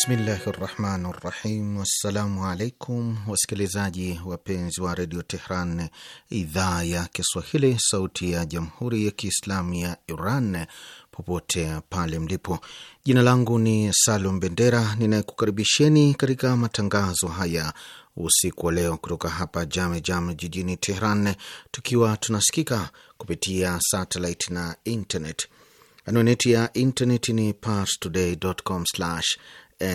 Bismillahi rahmani rahim. Wassalamu alaikum wasikilizaji wapenzi wa redio Tehran, idhaa ya Kiswahili, sauti ya jamhuri ya kiislamu ya Iran, popote pale mlipo. Jina langu ni Salum Bendera ninayekukaribisheni katika matangazo haya usiku wa leo kutoka hapa Jame Jame jijini Tehran, tukiwa tunasikika kupitia satelit na internet. Anwani ya internet ni parstoday.com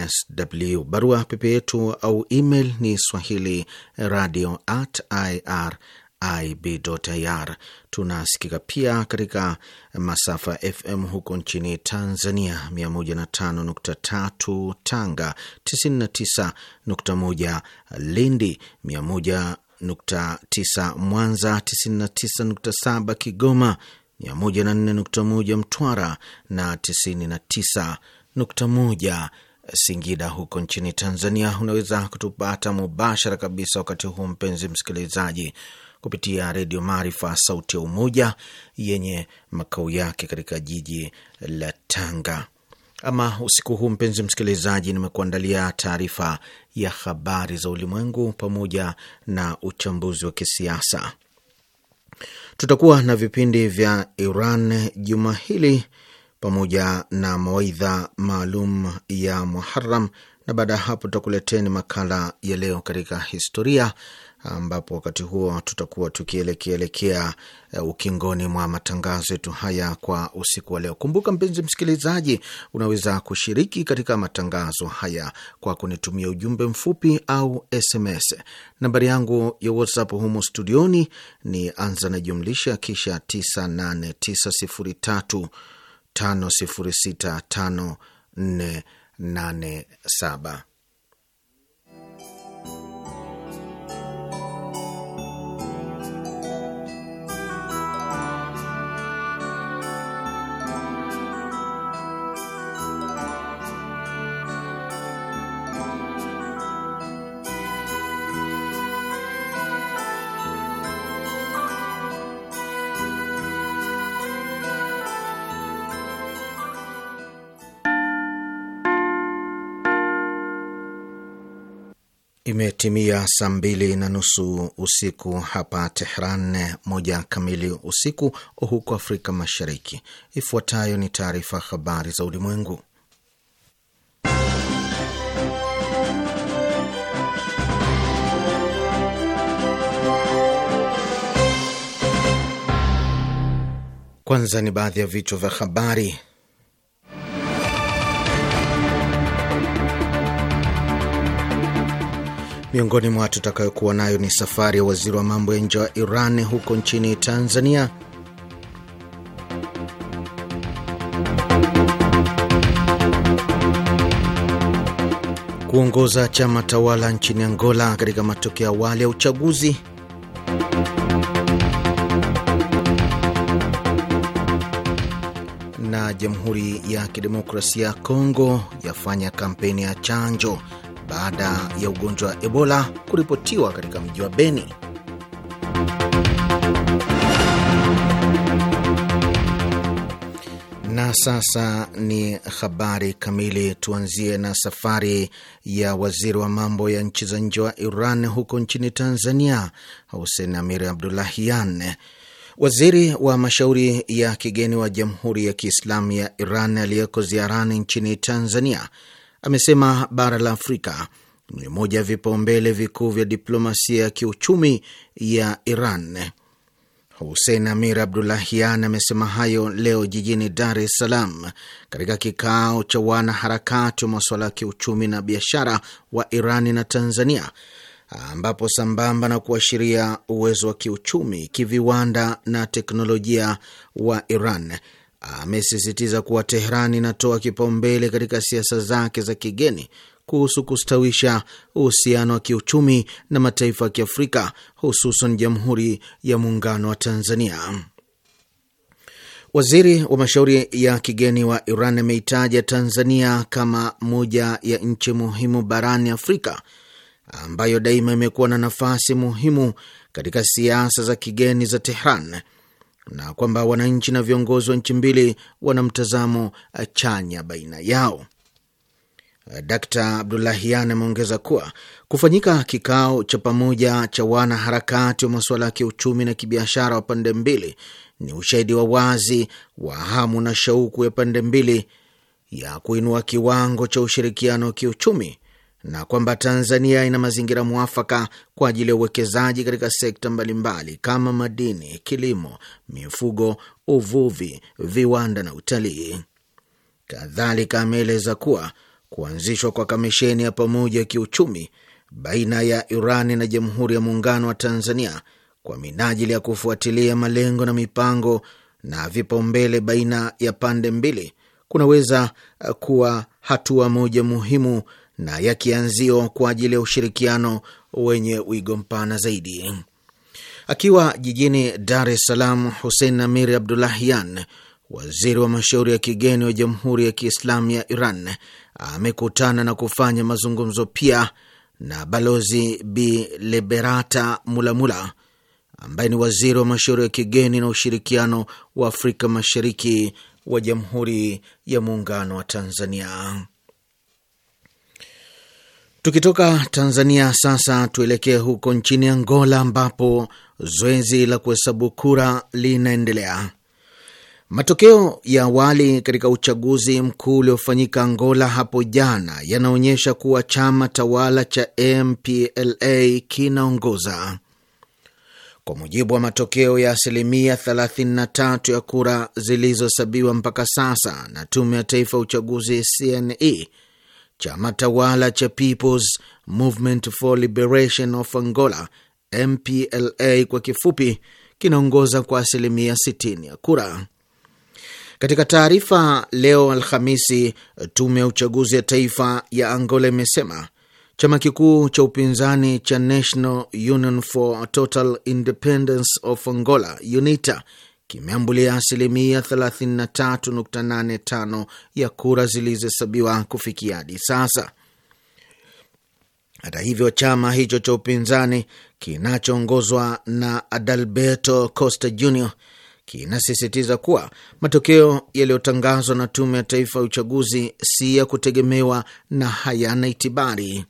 sw. Barua pepe yetu au email ni swahili radio at irib.ir. Tunasikika pia katika masafa FM huko nchini Tanzania, 105.3 Tanga, 99.1 Lindi, 101.9 Mwanza, 99.7 Kigoma, 104.1 Mtwara na 99.1 Singida huko nchini Tanzania. Unaweza kutupata mubashara kabisa wakati huu, mpenzi msikilizaji, kupitia Redio Maarifa Sauti ya Umoja yenye makao yake katika jiji la Tanga. Ama usiku huu, mpenzi msikilizaji, nimekuandalia taarifa ya habari za ulimwengu pamoja na uchambuzi wa kisiasa. Tutakuwa na vipindi vya Iran juma hili pamoja na mawaidha maalum ya muharam na baada ya hapo tutakuleteni makala ya leo katika historia, ambapo wakati huo tutakuwa tukielekeelekea eh, ukingoni mwa matangazo yetu haya kwa usiku wa leo. Kumbuka mpenzi msikilizaji, unaweza kushiriki katika matangazo haya kwa kunitumia ujumbe mfupi au SMS. Nambari yangu ya WhatsApp humo studioni ni anza na jumlisha kisha 98903 tano sifuri sita tano nne nane saba. Imetimia saa mbili na nusu usiku hapa Tehran, moja kamili usiku huko Afrika Mashariki. Ifuatayo ni taarifa habari za ulimwengu, kwanza ni baadhi ya vichwa vya habari. Miongoni mwa tutakayokuwa nayo ni safari ya waziri wa mambo ya nje wa Iran huko nchini Tanzania, kuongoza chama tawala nchini Angola katika matokeo awali ya uchaguzi, na Jamhuri ya Kidemokrasia ya Kongo yafanya kampeni ya chanjo baada ya ugonjwa wa Ebola kuripotiwa katika mji wa Beni. Na sasa ni habari kamili. Tuanzie na safari ya waziri wa mambo ya nchi za nje wa Iran huko nchini Tanzania, Hussein Amir Abdullahian. Waziri wa mashauri ya kigeni wa Jamhuri ya Kiislamu ya Iran aliyeko ziarani nchini Tanzania amesema bara la Afrika ni moja ya vipaumbele vikuu vya diplomasia ya kiuchumi ya Iran. husein Amir Abdulahian amesema hayo leo jijini Dar es Salaam katika kikao cha wanaharakati wa masuala ya kiuchumi na biashara wa Iran na Tanzania, ambapo sambamba na kuashiria uwezo wa kiuchumi, kiviwanda na teknolojia wa Iran amesisitiza kuwa Tehran inatoa kipaumbele katika siasa zake za kigeni kuhusu kustawisha uhusiano wa kiuchumi na mataifa ya Kiafrika, hususan Jamhuri ya Muungano wa Tanzania. Waziri wa mashauri ya kigeni wa Iran ameitaja Tanzania kama moja ya nchi muhimu barani Afrika ambayo daima imekuwa na nafasi muhimu katika siasa za kigeni za Tehran na kwamba wananchi na viongozi wa nchi mbili wana mtazamo chanya baina yao. Dkt Abdulahian ameongeza kuwa kufanyika kikao cha pamoja cha wanaharakati wa masuala ya kiuchumi na kibiashara wa pande mbili ni ushahidi wa wazi wa hamu na shauku ya pande mbili ya kuinua kiwango cha ushirikiano wa kiuchumi na kwamba Tanzania ina mazingira mwafaka kwa ajili ya uwekezaji katika sekta mbalimbali kama madini, kilimo, mifugo, uvuvi, viwanda na utalii. Kadhalika ameeleza kuwa kuanzishwa kwa kamisheni ya pamoja ya kiuchumi baina ya Irani na Jamhuri ya Muungano wa Tanzania kwa minajili ya kufuatilia malengo na mipango na vipaumbele baina ya pande mbili kunaweza kuwa hatua moja muhimu na ya kianzio kwa ajili ya ushirikiano wenye wigo mpana zaidi. Akiwa jijini Dar es Salaam, Hussein Amir Abdullahian, waziri wa mashauri ya kigeni wa Jamhuri ya Kiislamu ya Iran, amekutana na kufanya mazungumzo pia na balozi Bi Liberata Mulamula ambaye ni waziri wa mashauri ya kigeni na ushirikiano wa Afrika Mashariki wa Jamhuri ya Muungano wa Tanzania. Tukitoka Tanzania sasa tuelekee huko nchini Angola ambapo zoezi la kuhesabu kura linaendelea. Matokeo ya awali katika uchaguzi mkuu uliofanyika Angola hapo jana yanaonyesha kuwa chama tawala cha MPLA kinaongoza kwa mujibu wa matokeo ya asilimia 33 ya kura zilizohesabiwa mpaka sasa na Tume ya Taifa ya Uchaguzi CNE chama tawala cha People's Movement for Liberation of Angola MPLA kwa kifupi kinaongoza kwa asilimia 60 ya kura. Katika taarifa leo Alhamisi, tume ya uchaguzi ya taifa ya Angola imesema chama kikuu cha upinzani cha National Union for Total Independence of Angola UNITA kimeambulia asilimia 33.85 ya kura zilizohesabiwa kufikia hadi sasa. Hata hivyo, chama hicho cha upinzani kinachoongozwa na Adalberto Costa Jr kinasisitiza kuwa matokeo yaliyotangazwa na Tume ya Taifa ya Uchaguzi si ya kutegemewa na hayana itibari.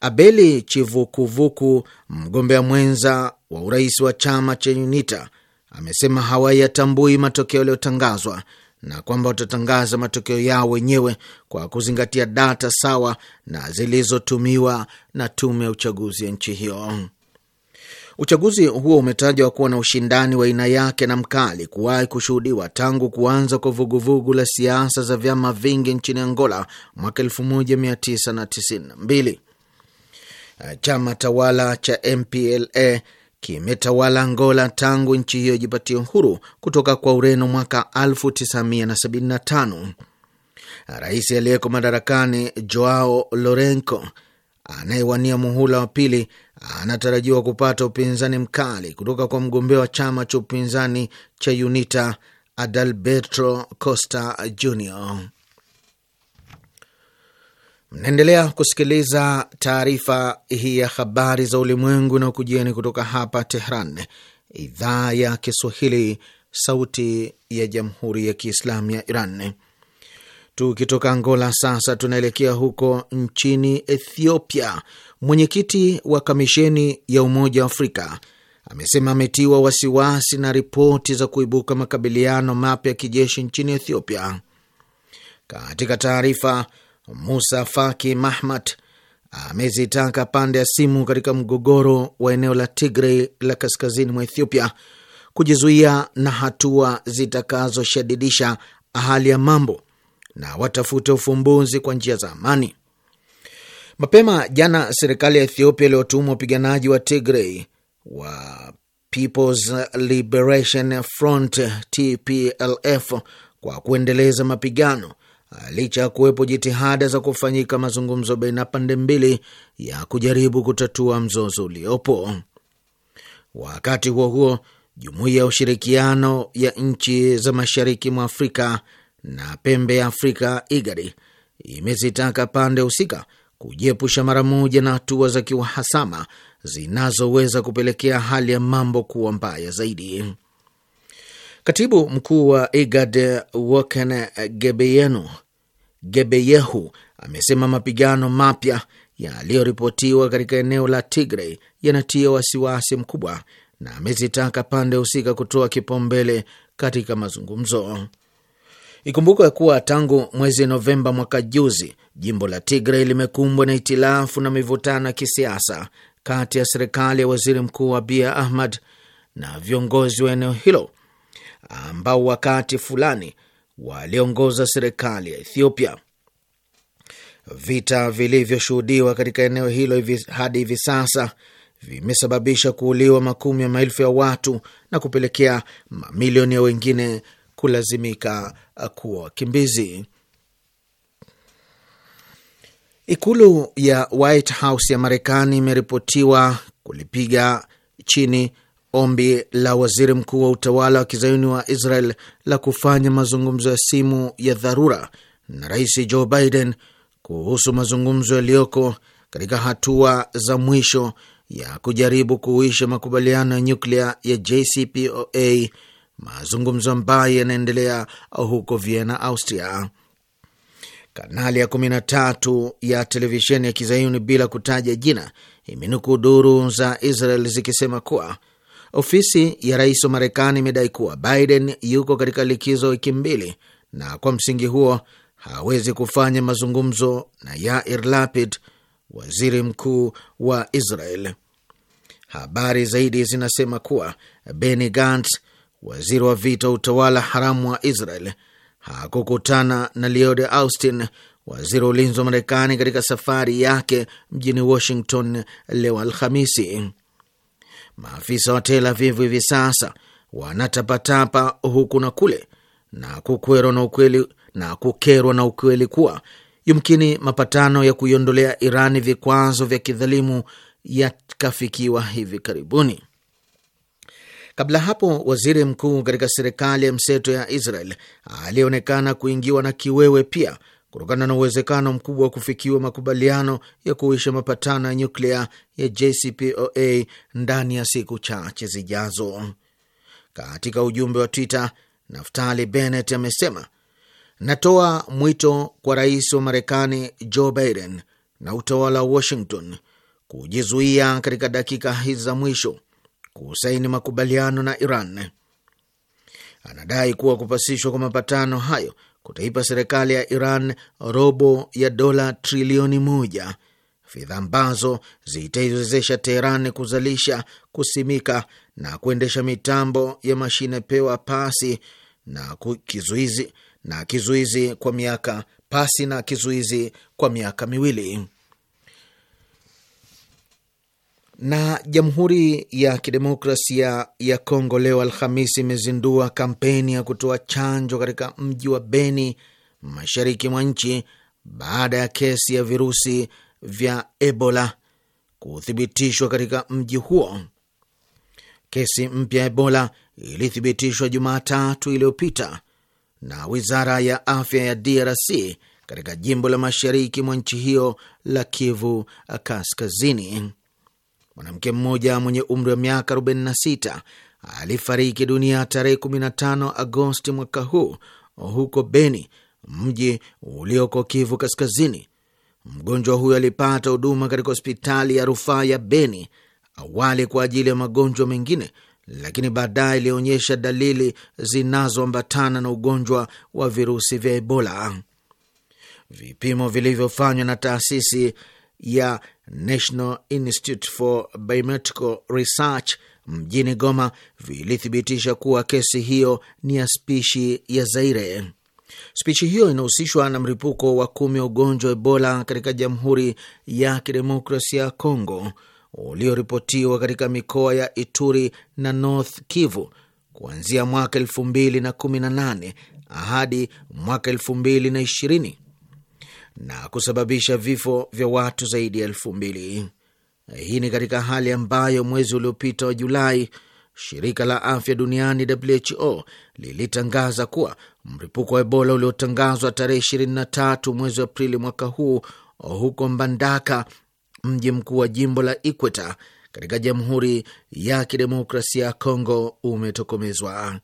Abeli Chivukuvuku, mgombea mwenza wa urais wa chama cha UNITA amesema hawayatambui matokeo yaliyotangazwa na kwamba watatangaza matokeo yao wenyewe kwa kuzingatia data sawa na zilizotumiwa na tume ya uchaguzi ya nchi hiyo. Uchaguzi huo umetajwa kuwa na ushindani wa aina yake na mkali kuwahi kushuhudiwa tangu kuanza kwa vuguvugu la siasa za vyama vingi nchini Angola mwaka 1992. Chama tawala cha MPLA kimetawala Angola tangu nchi hiyo ijipatie uhuru kutoka kwa Ureno mwaka 1975. Rais aliyeko madarakani Joao Lourenco anayewania muhula wa pili anatarajiwa kupata upinzani mkali kutoka kwa mgombea wa chama cha upinzani cha UNITA Adalberto Costa Junior. Mnaendelea kusikiliza taarifa hii ya habari za ulimwengu na ukujieni kutoka hapa Tehran, idhaa ya Kiswahili, sauti ya jamhuri ya kiislamu ya Iran. Tukitoka Angola sasa tunaelekea huko nchini Ethiopia. Mwenyekiti wa kamisheni ya Umoja wa Afrika amesema ametiwa wasiwasi na ripoti za kuibuka makabiliano mapya ya kijeshi nchini Ethiopia. Katika taarifa Musa Faki Mahmat amezitaka pande ya simu katika mgogoro wa eneo la Tigray la kaskazini mwa Ethiopia kujizuia na hatua zitakazoshadidisha hali ya mambo na watafute ufumbuzi kwa njia za amani. Mapema jana, serikali ya Ethiopia iliyotumwa wapiganaji wa Tigray wa People's Liberation Front TPLF kwa kuendeleza mapigano licha ya kuwepo jitihada za kufanyika mazungumzo baina pande mbili ya kujaribu kutatua mzozo uliopo. Wakati huo huo, jumuiya ya ushirikiano ya nchi za mashariki mwa Afrika na pembe ya Afrika IGADI imezitaka pande husika kujiepusha mara moja na hatua za kiuhasama zinazoweza kupelekea hali ya mambo kuwa mbaya zaidi. Katibu mkuu wa IGAD Wokan Gebeyehu amesema mapigano mapya yaliyoripotiwa katika eneo la Tigray yanatia wasiwasi mkubwa na amezitaka pande husika kutoa kipaumbele katika mazungumzo. Ikumbukwe ya kuwa tangu mwezi Novemba mwaka juzi jimbo la Tigray limekumbwa na itilafu na mivutano ya kisiasa kati ya serikali ya waziri mkuu Abiy Ahmed na viongozi wa eneo hilo ambao wakati fulani waliongoza serikali ya Ethiopia. Vita vilivyoshuhudiwa katika eneo hilo hadi hivi sasa vimesababisha kuuliwa makumi ya maelfu ya watu na kupelekea mamilioni ya wengine kulazimika uh, kuwa wakimbizi. Ikulu ya White House ya Marekani imeripotiwa kulipiga chini Ombi la waziri mkuu wa utawala wa kizayuni wa Israel la kufanya mazungumzo ya simu ya dharura na rais Joe Biden kuhusu mazungumzo yaliyoko katika hatua za mwisho ya kujaribu kuisha makubaliano ya nyuklia ya JCPOA, mazungumzo ambayo yanaendelea huko Vienna, Austria. Kanali ya 13 ya televisheni ya kizayuni bila kutaja jina imenukuu duru za Israel zikisema kuwa Ofisi ya rais wa Marekani imedai kuwa Biden yuko katika likizo wiki mbili na kwa msingi huo hawezi kufanya mazungumzo na Yair Lapid, waziri mkuu wa Israel. Habari zaidi zinasema kuwa Benny Gantz, waziri wa vita wa utawala haramu wa Israel, hakukutana na Lloyd Austin, waziri wa ulinzi wa Marekani, katika safari yake mjini Washington leo Alhamisi. Maafisa wa Tel Avivu hivi sasa wanatapatapa huku na kule na kukerwa na ukweli, na kukerwa na ukweli kuwa yumkini mapatano ya kuiondolea Irani vikwazo vya kidhalimu yakafikiwa hivi karibuni. Kabla hapo waziri mkuu katika serikali ya mseto ya Israel alionekana kuingiwa na kiwewe pia kutokana na uwezekano mkubwa wa kufikiwa makubaliano ya kuisha mapatano ya nyuklia ya JCPOA ndani ya siku chache zijazo. Katika ujumbe wa Twitter, Naftali Bennett amesema, natoa mwito kwa rais wa Marekani Joe Biden na utawala wa Washington kujizuia katika dakika hizi za mwisho kusaini makubaliano na Iran. Anadai kuwa kupasishwa kwa mapatano hayo kutaipa serikali ya Iran robo ya dola trilioni moja, fedha ambazo zitaiwezesha Teheran kuzalisha, kusimika na kuendesha mitambo ya mashine pewa pasi na kizuizi na kizuizi kwa miaka pasi na kizuizi kwa miaka miwili. Na Jamhuri ya Kidemokrasia ya Kongo leo Alhamisi imezindua kampeni ya kutoa chanjo katika mji wa Beni, mashariki mwa nchi, baada ya kesi ya virusi vya Ebola kuthibitishwa katika mji huo. Kesi mpya ya Ebola ilithibitishwa Jumatatu iliyopita na wizara ya afya ya DRC katika jimbo la mashariki mwa nchi hiyo la Kivu Kaskazini mwanamke mmoja mwenye umri wa miaka 46 alifariki dunia tarehe 15 Agosti mwaka huu huko Beni, mji ulioko Kivu Kaskazini. Mgonjwa huyo alipata huduma katika hospitali ya rufaa ya Beni awali kwa ajili ya magonjwa mengine, lakini baadaye ilionyesha dalili zinazoambatana na ugonjwa wa virusi vya Ebola. Vipimo vilivyofanywa na taasisi ya National Institute for Biomedical Research mjini Goma vilithibitisha kuwa kesi hiyo ni ya spishi ya Zaire. Spishi hiyo inahusishwa na mlipuko wa kumi wa ugonjwa wa Ebola katika Jamhuri ya Kidemokrasia ya congo ulioripotiwa katika mikoa ya Ituri na North Kivu kuanzia mwaka elfu mbili na kumi na nane hadi mwaka elfu mbili na ishirini na kusababisha vifo vya watu zaidi ya elfu mbili. Hii ni katika hali ambayo mwezi uliopita wa Julai shirika la afya duniani WHO lilitangaza kuwa mlipuko wa Ebola uliotangazwa tarehe 23 mwezi Aprili mwaka huu huko Mbandaka, mji mkuu wa jimbo la Ikweta katika Jamhuri ya Kidemokrasia ya Kongo umetokomezwa.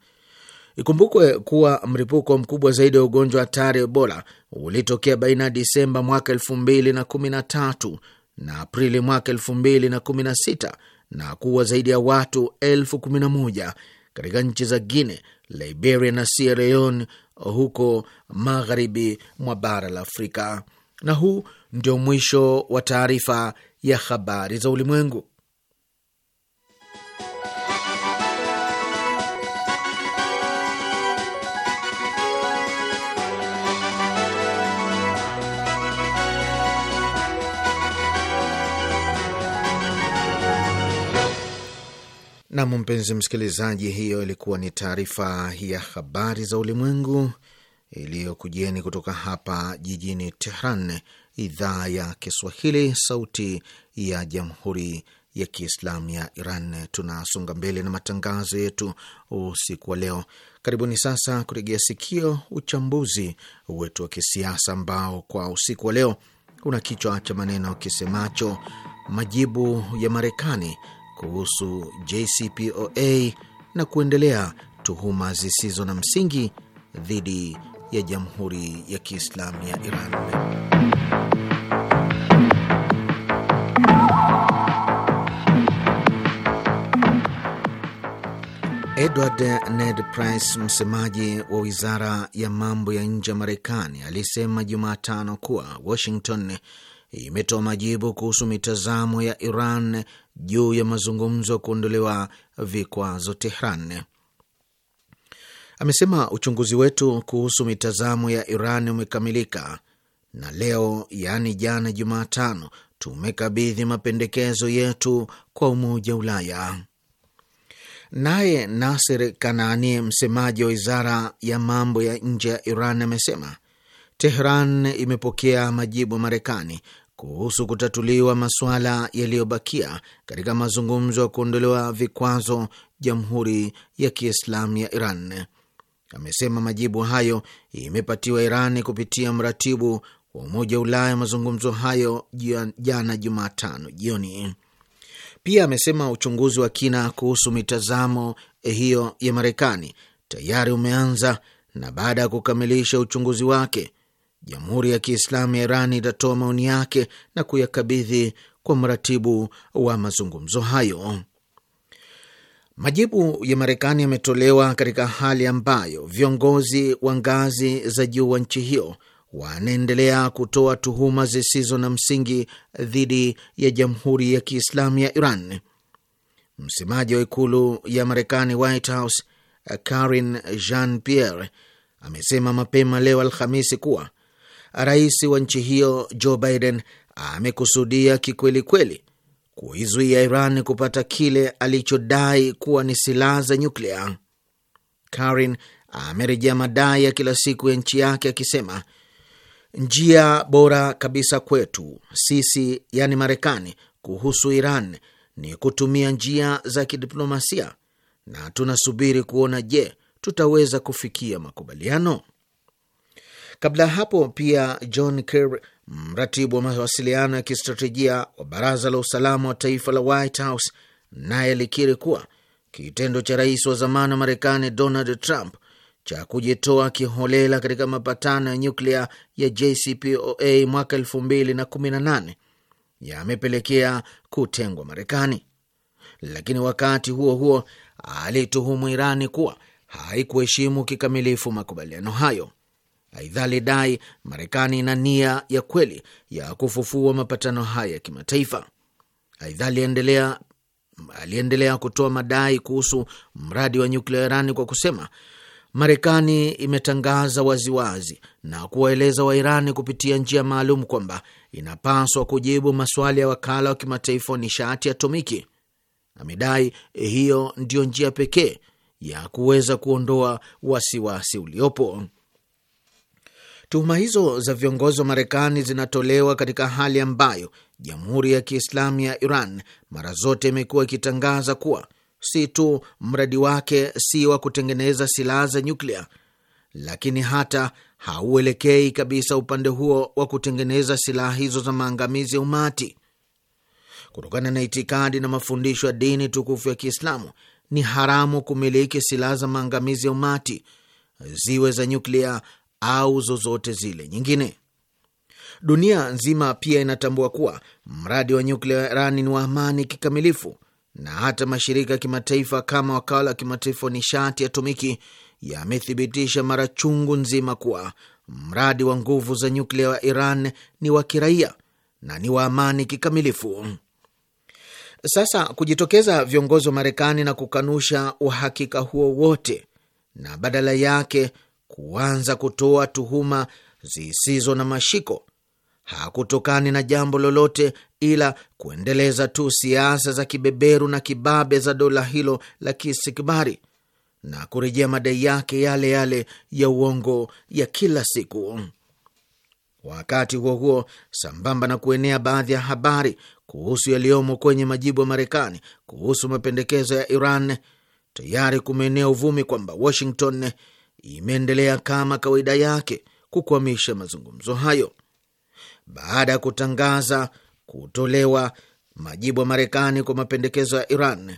Ikumbukwe kuwa mlipuko mkubwa zaidi wa ugonjwa hatari Ebola ulitokea baina ya Disemba mwaka elfu mbili na kumi na tatu na Aprili mwaka elfu mbili na kumi na sita na kuwa zaidi ya watu elfu kumi na moja katika nchi za Guine, Liberia na Sierra Leone huko magharibi mwa bara la Afrika. Na huu ndio mwisho wa taarifa ya habari za ulimwengu. Nam, mpenzi msikilizaji, hiyo ilikuwa ni taarifa ya habari za ulimwengu iliyokujieni kutoka hapa jijini Tehran, idhaa ya Kiswahili, sauti ya jamhuri ya kiislamu ya Iran. Tunasonga mbele na matangazo yetu usiku wa leo. Karibuni sasa kuregea sikio uchambuzi wetu wa kisiasa ambao kwa usiku wa leo una kichwa cha maneno kisemacho majibu ya Marekani kuhusu JCPOA na kuendelea tuhuma zisizo na msingi dhidi ya Jamhuri ya Kiislamu ya Iran. Edward Ned Price, msemaji wa wizara ya mambo ya nje ya Marekani, alisema Jumatano kuwa Washington imetoa majibu kuhusu mitazamo ya Iran juu ya mazungumzo ya kuondolewa vikwazo Tehran. Amesema uchunguzi wetu kuhusu mitazamo ya Iran umekamilika na leo, yaani jana Jumatano, tumekabidhi mapendekezo yetu kwa Umoja wa Ulaya. Naye Nasir kanani msemaji wa wizara ya mambo ya nje ya Iran, amesema Tehran imepokea majibu ya Marekani kuhusu kutatuliwa masuala yaliyobakia katika mazungumzo ya kuondolewa vikwazo Jamhuri ya Kiislamu ya Iran. Amesema majibu hayo imepatiwa Iran kupitia mratibu wa Umoja wa Ulaya mazungumzo hayo jana Jumatano jioni. Pia amesema uchunguzi wa kina kuhusu mitazamo eh, hiyo ya Marekani tayari umeanza na baada ya kukamilisha uchunguzi wake Jamhuri ya Kiislamu ya Iran itatoa maoni yake na kuyakabidhi kwa mratibu wa mazungumzo hayo. Majibu ya Marekani yametolewa katika hali ambayo viongozi wa ngazi za juu wa nchi hiyo wanaendelea kutoa tuhuma zisizo na msingi dhidi ya Jamhuri ya Kiislamu ya Iran. Msemaji wa ikulu ya Marekani, White House, Karin Jean Pierre amesema mapema leo Alhamisi kuwa rais wa nchi hiyo Joe Biden amekusudia kikwelikweli kuizuia Iran kupata kile alichodai kuwa ni silaha za nyuklia. Karin amerejea madai ya kila siku ya nchi yake akisema, njia bora kabisa kwetu sisi, yani Marekani, kuhusu Iran ni kutumia njia za kidiplomasia na tunasubiri kuona, je, tutaweza kufikia makubaliano. Kabla ya hapo pia John Kerry, mratibu wa mawasiliano ya kistratejia wa baraza la usalama wa taifa la White House, naye alikiri kuwa kitendo cha rais wa zamani wa Marekani Donald Trump cha kujitoa kiholela katika mapatano ya nyuklia ya JCPOA mwaka 2018 yamepelekea kutengwa Marekani. Lakini wakati huo huo alituhumu Irani kuwa haikuheshimu kikamilifu makubaliano hayo. Aidha, alidai Marekani ina nia ya kweli ya kufufua mapatano haya ya kimataifa. Aidha, aliendelea aliendelea kutoa madai kuhusu mradi wa nyuklia wa Irani kwa kusema Marekani imetangaza waziwazi na kuwaeleza Wairani kupitia njia maalum kwamba inapaswa kujibu maswali ya wakala wa kimataifa wa nishati atomiki. Amedai hiyo ndiyo njia pekee ya kuweza kuondoa wasiwasi uliopo. Tuhuma hizo za viongozi wa Marekani zinatolewa katika hali ambayo Jamhuri ya Kiislamu ya Iran mara zote imekuwa ikitangaza kuwa si tu mradi wake si wa kutengeneza silaha za nyuklia, lakini hata hauelekei kabisa upande huo wa kutengeneza silaha hizo za maangamizi ya umati. Kutokana na itikadi na mafundisho ya dini tukufu ya Kiislamu, ni haramu kumiliki silaha za maangamizi ya umati, ziwe za nyuklia au zozote zile nyingine. Dunia nzima pia inatambua kuwa mradi wa nyuklia wa Irani ni wa amani kikamilifu, na hata mashirika ya kimataifa kama wakala wa kimataifa wa nishati ya atomiki yamethibitisha mara chungu nzima kuwa mradi wa nguvu za nyuklia wa Iran ni wa kiraia na ni wa amani kikamilifu. Sasa kujitokeza viongozi wa Marekani na kukanusha uhakika huo wote na badala yake kuanza kutoa tuhuma zisizo na mashiko hakutokani na jambo lolote ila kuendeleza tu siasa za kibeberu na kibabe za dola hilo la kisikbari na kurejea madai yake yale yale ya uongo ya kila siku. Wakati huo huo, sambamba na kuenea baadhi ya habari kuhusu yaliyomo kwenye majibu ya Marekani kuhusu mapendekezo ya Iran, tayari kumeenea uvumi kwamba Washington imeendelea kama kawaida yake kukwamisha mazungumzo hayo baada ya kutangaza kutolewa majibu ya Marekani kwa mapendekezo ya Iran.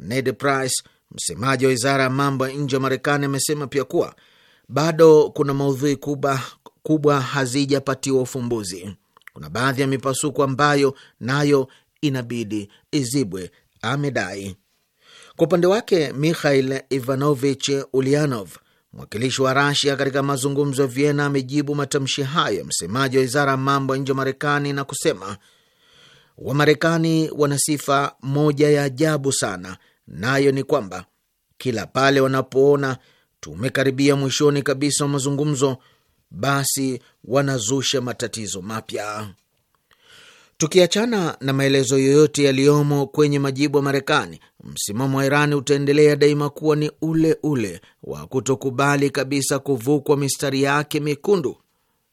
Ned Price, msemaji wa wizara ya mambo ya nje ya Marekani, amesema pia kuwa bado kuna maudhui kubwa, kubwa hazijapatiwa ufumbuzi. Kuna baadhi ya mipasuko ambayo nayo inabidi izibwe, amedai. Kwa upande wake Mikhail Ivanovich Ulianov, Mwakilishi wa Rasia katika mazungumzo ya Vienna amejibu matamshi hayo ya msemaji wa wizara ya mambo ya nje wa Marekani na kusema Wamarekani wana sifa moja ya ajabu sana, nayo ni kwamba kila pale wanapoona tumekaribia mwishoni kabisa wa mazungumzo, basi wanazusha matatizo mapya. Tukiachana na maelezo yoyote yaliyomo kwenye majibu ya Marekani, msimamo wa Iran utaendelea daima kuwa ni ule ule wa kutokubali kabisa kuvukwa mistari yake mekundu,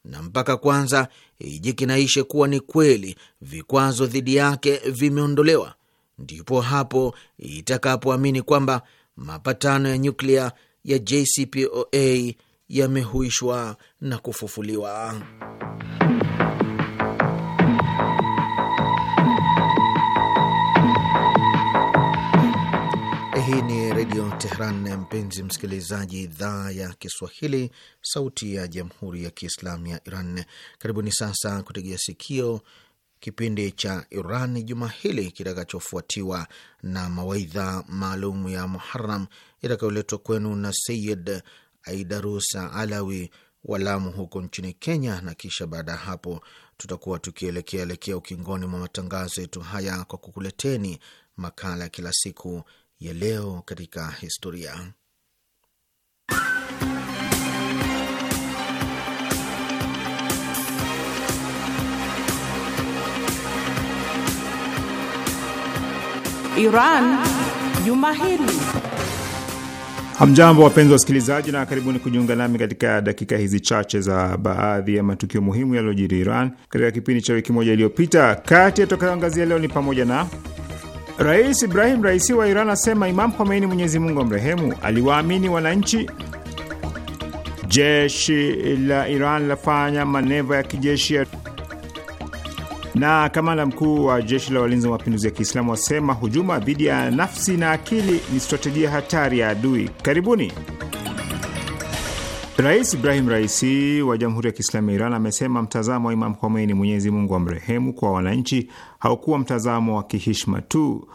na mpaka kwanza ijikinaishe kuwa ni kweli vikwazo dhidi yake vimeondolewa, ndipo hapo itakapoamini kwamba mapatano ya nyuklia ya JCPOA yamehuishwa na kufufuliwa. Hii ni Redio Tehran, mpenzi msikilizaji, idhaa ya Kiswahili, sauti ya Jamhuri ya Kiislamu ya Iran. Karibuni sasa kutegea sikio kipindi cha Iran juma hili kitakachofuatiwa na mawaidha maalum ya Muharam itakayoletwa kwenu na Sayid Aidarus Alawi Walamu huko nchini Kenya, na kisha baada ya hapo tutakuwa tukielekea elekea ukingoni mwa matangazo yetu haya kwa kukuleteni makala ya kila siku ya leo katika historia. Iran juma hili. Hamjambo, wapenzi wa wasikilizaji, na karibuni kujiunga nami katika dakika hizi chache za baadhi ya matukio muhimu yaliyojiri Iran katika kipindi cha wiki moja iliyopita. Kati yatokayoangazia leo ni pamoja na Rais Ibrahim Raisi wa Iran asema Imam Khomeini, Mwenyezi Mungu amrehemu, aliwaamini wananchi. Jeshi la Iran lafanya maneva ya kijeshi ya na kamanda mkuu wa jeshi la walinzi wa mapinduzi ya Kiislamu wasema hujuma dhidi ya nafsi na akili ni strategia hatari ya adui. Karibuni. Rais Ibrahim Raisi wa Jamhuri ya Kiislamu ya Iran amesema mtazamo wa Imam Khomeini, Mwenyezi Mungu amrehemu, kwa wananchi haukuwa mtazamo wa kihishma tu,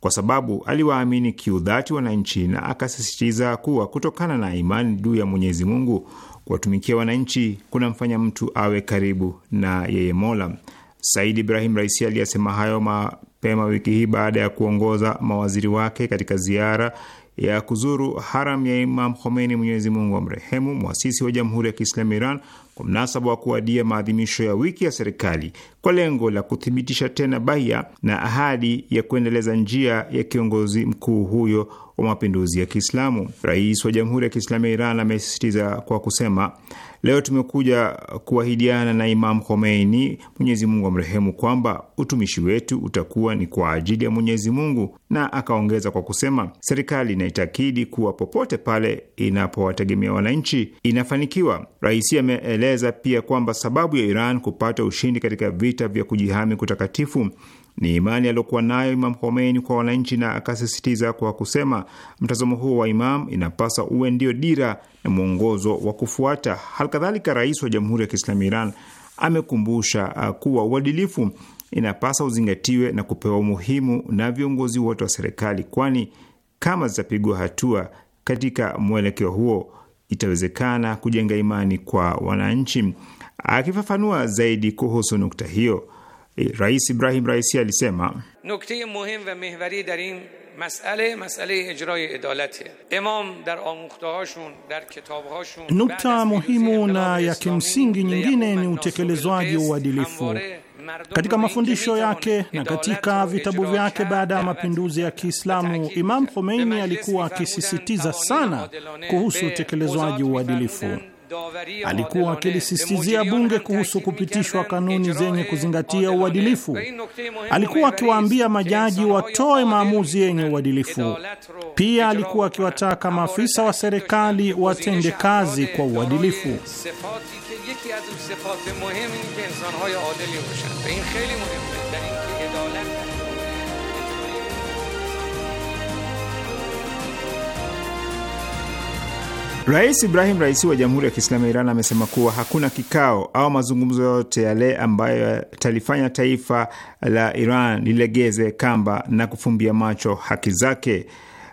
kwa sababu aliwaamini kiudhati wananchi, na akasisitiza kuwa kutokana na imani juu ya Mwenyezi Mungu, kuwatumikia wananchi kunamfanya mtu awe karibu na yeye Mola. Said Ibrahim Raisi aliyasema hayo mapema wiki hii baada ya kuongoza mawaziri wake katika ziara ya kuzuru haram ya Imam Khomeini, Mwenyezi Mungu amrehemu, mwasisi wa Jamhuri ya Kiislamu Iran, kwa mnasaba wa kuadia maadhimisho ya wiki ya serikali kwa lengo la kuthibitisha tena baia na ahadi ya kuendeleza njia ya kiongozi mkuu huyo wa mapinduzi ya Kiislamu. Rais wa Jamhuri ya Kiislamu ya Iran amesisitiza kwa kusema Leo tumekuja kuahidiana na Imam Khomeini, Mwenyezi Mungu amrehemu, kwamba utumishi wetu utakuwa ni kwa ajili ya Mwenyezi Mungu. Na akaongeza kwa kusema, serikali inaitakidi kuwa popote pale inapowategemea wananchi inafanikiwa. Raisi ameeleza pia kwamba sababu ya Iran kupata ushindi katika vita vya kujihami kutakatifu ni imani aliyokuwa nayo Imam Khomeini kwa wananchi, na akasisitiza kwa kusema, mtazamo huo wa Imam inapasa uwe ndio dira na mwongozo wa kufuata. Halikadhalika, rais wa Jamhuri ya Kiislamu Iran amekumbusha uh, kuwa uadilifu inapasa uzingatiwe na kupewa umuhimu na viongozi wote wa serikali, kwani kama zitapigwa hatua katika mwelekeo huo itawezekana kujenga imani kwa wananchi. Akifafanua zaidi kuhusu nukta hiyo Eh, Rais Ibrahim Raisi alisema nukte muhim wa mehvari darin masale masale ijraye adalate imam dar amukhtahashun dar kitabhashun, nukta muhimu na ya kimsingi nyingine ni utekelezwaji wa uadilifu katika mafundisho yake na katika vitabu vyake. Baada ya mapinduzi ya Kiislamu, Imam Khomeini alikuwa akisisitiza sana kuhusu utekelezwaji wa uadilifu. Alikuwa akilisisitizia bunge kuhusu kupitishwa kanuni zenye kuzingatia uadilifu. Alikuwa akiwaambia majaji watoe maamuzi yenye uadilifu. Pia alikuwa akiwataka maafisa wa serikali watende kazi kwa uadilifu. Rais Ibrahim Raisi wa Jamhuri ya Kiislamu ya Iran amesema kuwa hakuna kikao au mazungumzo yote yale ambayo yatalifanya taifa la Iran lilegeze kamba na kufumbia macho haki zake.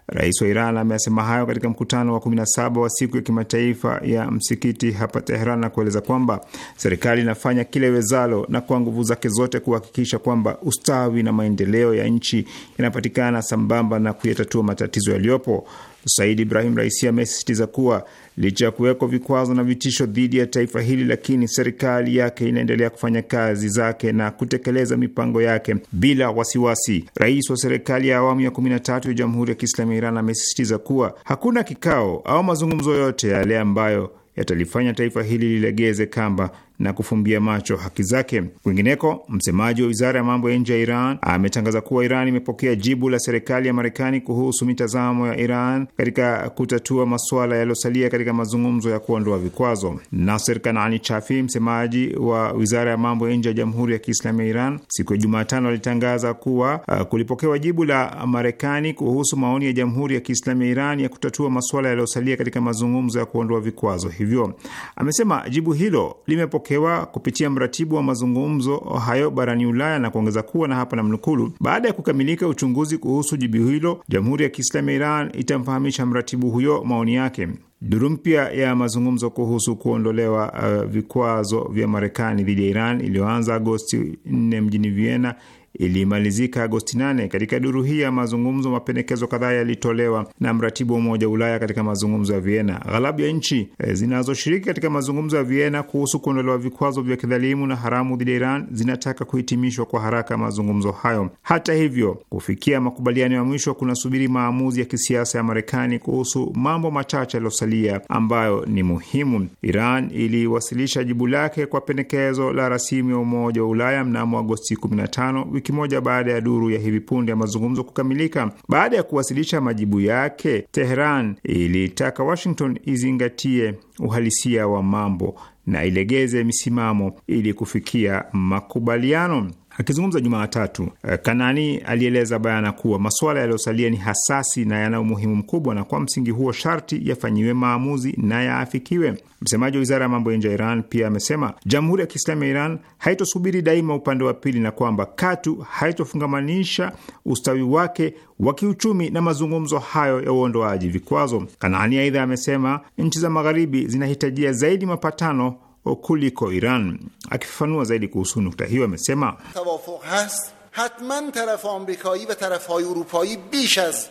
Rais wa Iran amesema hayo katika mkutano wa 17 wa siku ya kimataifa ya msikiti hapa Teheran na kueleza kwamba serikali inafanya kile wezalo na kwa nguvu zake zote kuhakikisha kwamba ustawi na maendeleo ya nchi yanapatikana sambamba na kuyatatua matatizo yaliyopo. Said Ibrahim Raisi amesisitiza kuwa licha ya kuwekwa vikwazo na vitisho dhidi ya taifa hili, lakini serikali yake inaendelea kufanya kazi zake na kutekeleza mipango yake bila wasiwasi. Rais wa serikali ya awamu ya 13 ya Jamhuri ya Kiislamu ya Iran amesisitiza kuwa hakuna kikao au mazungumzo yote yale ambayo yatalifanya taifa hili lilegeze kamba na kufumbia macho haki zake. Kwingineko, msemaji wa wizara ya mambo ya nje ya Iran ametangaza kuwa Iran imepokea jibu la serikali ya Marekani kuhusu mitazamo ya Iran katika kutatua masuala yaliyosalia katika mazungumzo ya kuondoa vikwazo. Naser kanani Chafi, msemaji wa wizara ya mambo ya nje ya Jamhuri ya Kiislamu ya Iran, siku ya Jumatano alitangaza kuwa uh, kulipokewa jibu la Marekani kuhusu maoni ya Jamhuri ya Kiislamu ya Iran ya kutatua masuala yaliyosalia katika mazungumzo ya kuondoa vikwazo. Hivyo amesema jibu hilo limepokea yaliyopokewa kupitia mratibu wa mazungumzo hayo barani Ulaya na kuongeza kuwa na hapa na mnukulu, baada ya kukamilika uchunguzi kuhusu jibu hilo, Jamhuri ya Kiislamu ya Iran itamfahamisha mratibu huyo maoni yake. Duru mpya ya mazungumzo kuhusu kuondolewa uh, vikwazo vya Marekani dhidi ya Iran iliyoanza Agosti 4 mjini Vienna ilimalizika Agosti 8. Katika duru hii ya mazungumzo, mapendekezo kadhaa yalitolewa na mratibu wa Umoja wa Ulaya katika mazungumzo ya Vienna. Ghalabu ya nchi e, zinazoshiriki katika mazungumzo ya Vienna kuhusu kuondolewa vikwazo vya kidhalimu na haramu dhidi ya Iran zinataka kuhitimishwa kwa haraka mazungumzo hayo. Hata hivyo, kufikia makubaliano ya mwisho kunasubiri maamuzi ya kisiasa ya Marekani kuhusu mambo machache yaliyosalia ambayo ni muhimu. Iran iliwasilisha jibu lake kwa pendekezo la rasimu ya Umoja wa Ulaya mnamo Agosti 15 wiki moja baada ya duru ya hivi punde ya mazungumzo kukamilika. Baada ya kuwasilisha majibu yake, Tehran ilitaka Washington izingatie uhalisia wa mambo na ilegeze misimamo ili kufikia makubaliano. Akizungumza Jumatatu, eh, Kanani alieleza bayana kuwa masuala yaliyosalia ni hasasi na yana umuhimu mkubwa, na kwa msingi huo sharti yafanyiwe maamuzi na yaafikiwe. Msemaji wa wizara ya mambo ya nje ya Iran pia amesema jamhuri ya Kiislamu ya Iran haitosubiri daima upande wa pili, na kwamba katu haitofungamanisha ustawi wake wa kiuchumi na mazungumzo hayo ya uondoaji vikwazo. Kanani aidha amesema nchi za Magharibi zinahitajia zaidi mapatano kuliko Iran. Akifafanua zaidi kuhusu nukta hiyo, amesema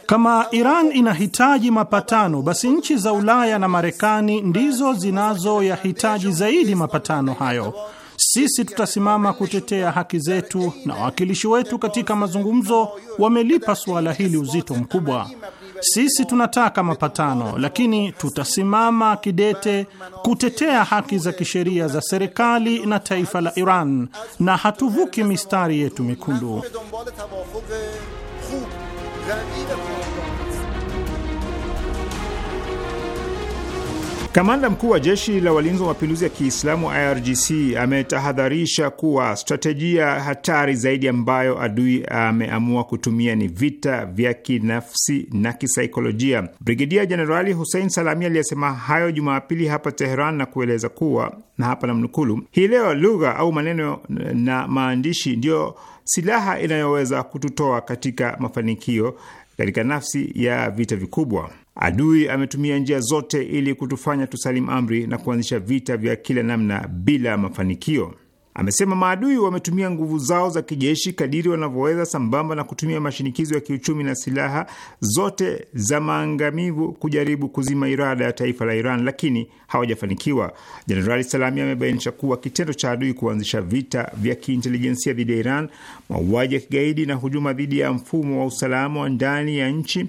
kama Iran inahitaji mapatano, basi nchi za Ulaya na Marekani ndizo zinazoyahitaji zaidi mapatano hayo. Sisi tutasimama kutetea haki zetu, na wawakilishi wetu katika mazungumzo wamelipa suala hili uzito mkubwa. Sisi tunataka mapatano, lakini tutasimama kidete kutetea haki za kisheria za serikali na taifa la Iran na hatuvuki mistari yetu mekundu. Kamanda mkuu wa jeshi la walinzi wa mapinduzi ya Kiislamu IRGC ametahadharisha kuwa stratejia hatari zaidi ambayo adui ameamua kutumia ni vita vya kinafsi na kisaikolojia. Brigedia Jenerali Hussein Salami aliyesema hayo Jumapili hapa Teheran na kueleza kuwa na hapa namnukulu, hii leo lugha au maneno na maandishi ndiyo silaha inayoweza kututoa katika mafanikio katika nafsi ya vita vikubwa. Adui ametumia njia zote ili kutufanya tusalim amri na kuanzisha vita vya kila namna bila mafanikio. Amesema maadui wametumia nguvu zao za kijeshi kadiri wanavyoweza, sambamba na kutumia mashinikizo ya kiuchumi na silaha zote za maangamivu kujaribu kuzima irada ya taifa la Iran, lakini hawajafanikiwa. Jenerali Salami amebainisha kuwa kitendo cha adui kuanzisha vita vya kiintelijensia dhidi ya Iran, mauaji ya kigaidi na hujuma dhidi ya mfumo wa usalama wa ndani ya nchi,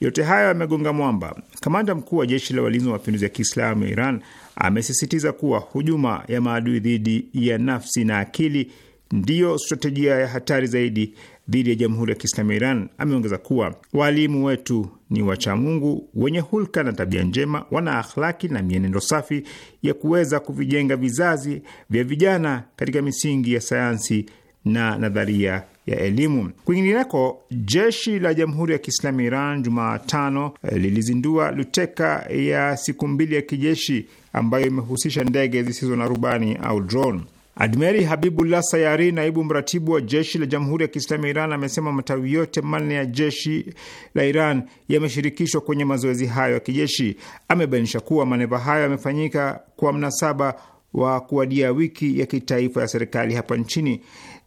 yote hayo yamegonga mwamba. Kamanda mkuu wa jeshi la walinzi wa mapinduzi ya Kiislamu ya Iran amesisitiza kuwa hujuma ya maadui dhidi ya nafsi na akili ndiyo stratejia ya hatari zaidi dhidi ya Jamhuri ya Kiislamu ya Iran. Ameongeza kuwa waalimu wetu ni wachamungu, wenye hulka na tabia njema, wana akhlaki na mienendo safi ya kuweza kuvijenga vizazi vya vijana katika misingi ya sayansi na nadharia ya elimu. Kwingineko, jeshi la Jamhuri ya Kiislamu Iran Jumatano eh, lilizindua luteka ya siku mbili ya kijeshi ambayo imehusisha ndege zisizo na rubani au drone. Admeri Habibullah Sayari, naibu mratibu wa jeshi la Jamhuri ya Kiislamu ya Iran, amesema matawi yote manne ya jeshi la Iran yameshirikishwa kwenye mazoezi hayo ya kijeshi. Amebainisha kuwa maneva hayo yamefanyika kwa mnasaba wa kuwadia wiki ya kitaifa ya serikali hapa nchini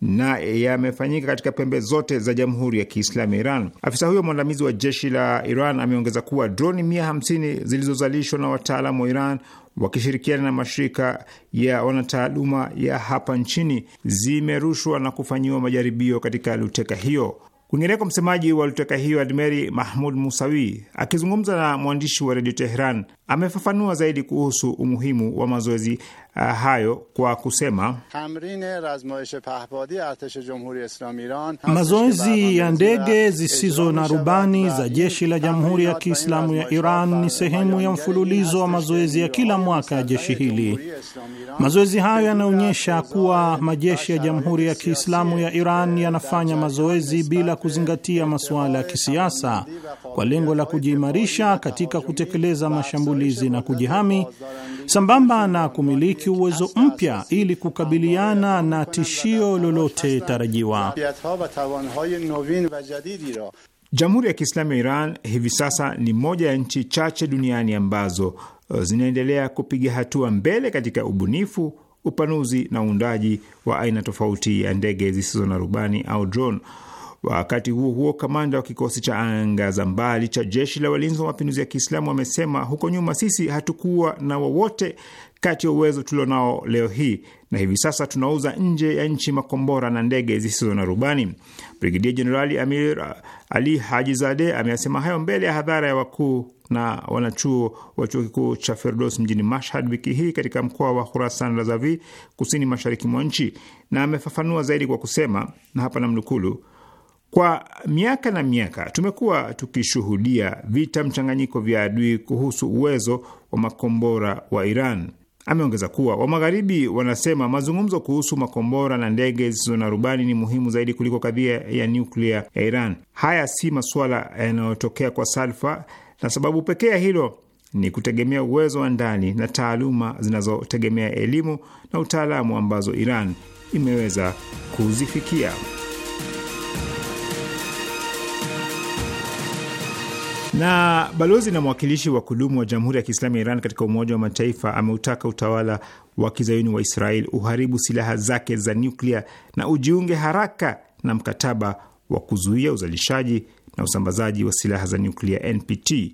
na yamefanyika katika pembe zote za Jamhuri ya Kiislamu ya Iran. Afisa huyo mwandamizi wa jeshi la Iran ameongeza kuwa droni mia hamsini zilizozalishwa na wataalamu wa Iran wakishirikiana na mashirika ya wanataaluma ya hapa nchini zimerushwa na kufanyiwa majaribio katika luteka hiyo. Kwingineko, msemaji wa luteka hiyo Admeri Mahmud Musawi akizungumza na mwandishi wa redio Teheran Amefafanua zaidi kuhusu umuhimu wa mazoezi uh, hayo kwa kusema er mazoezi ya ndege zisizo na rubani za jeshi la Jamhuri ya Kiislamu ya Iran ni sehemu ya mfululizo wa mazoezi ya kila mwaka ya jeshi hili. Mazoezi hayo yanaonyesha kuwa majeshi ya Jamhuri ya Kiislamu ya Iran yanafanya mazoezi bila kuzingatia masuala ya kisiasa kwa lengo la kujiimarisha katika kutekeleza mashambulio mashambulizi na kujihami, sambamba na kumiliki uwezo mpya ili kukabiliana na tishio lolote tarajiwa. Jamhuri ya Kiislamu ya Iran hivi sasa ni moja ya nchi chache duniani ambazo uh, zinaendelea kupiga hatua mbele katika ubunifu, upanuzi na uundaji wa aina tofauti ya ndege zisizo na rubani au drone. Wakati huo huo, kamanda wa kikosi cha anga za mbali cha jeshi la walinzi wa mapinduzi ya Kiislamu wamesema huko nyuma sisi hatukuwa na wowote kati ya uwezo tulionao leo hii, na hivi sasa tunauza nje ya nchi makombora na ndege zisizo na rubani. Brigedia Jenerali Amir Ali haji zade ameyasema hayo mbele ya hadhara ya wakuu na wanachuo wa chuo kikuu cha Ferdos mjini Mashhad wiki hii katika mkoa wa Khurasan Razavi, kusini mashariki mwa nchi, na amefafanua zaidi kwa kusema, na hapa namnukulu kwa miaka na miaka tumekuwa tukishuhudia vita mchanganyiko vya adui kuhusu uwezo wa makombora wa Iran. Ameongeza kuwa wa Magharibi wanasema mazungumzo kuhusu makombora na ndege zisizo na rubani ni muhimu zaidi kuliko kadhia ya nyuklia ya Iran. Haya si masuala yanayotokea kwa salfa, na sababu pekee ya hilo ni kutegemea uwezo wa ndani na taaluma zinazotegemea elimu na utaalamu ambazo Iran imeweza kuzifikia. Na balozi na mwakilishi wa kudumu wa Jamhuri ya Kiislamu ya Iran katika Umoja wa Mataifa ameutaka utawala wa kizayuni wa Israel uharibu silaha zake za nyuklia na ujiunge haraka na mkataba wa kuzuia uzalishaji na usambazaji wa silaha za nyuklia NPT.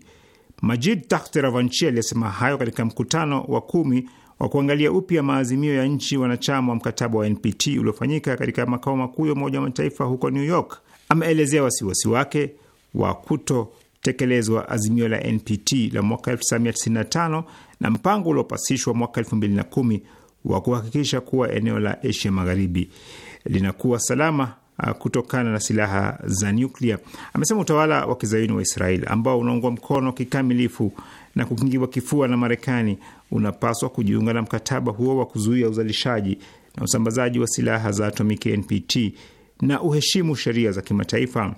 Majid Takht Ravanchi aliyesema hayo katika mkutano wa kumi wa kuangalia upya maazimio ya nchi wanachama wa mkataba wa NPT uliofanyika katika makao makuu ya Umoja wa Mataifa huko New York. Ameelezea wasiwasi wake wa kuto tekelezwa azimio la NPT la mwaka 1995 na mpango uliopasishwa mwaka 2010 wa kuhakikisha kuwa eneo la Asia Magharibi linakuwa salama ah, kutokana na silaha za nyuklia. Amesema utawala wa kizayuni wa Israeli ambao unaungwa mkono kikamilifu na kukingiwa kifua na Marekani unapaswa kujiunga na mkataba huo wa kuzuia uzalishaji na usambazaji wa silaha za atomiki NPT na uheshimu sheria za kimataifa.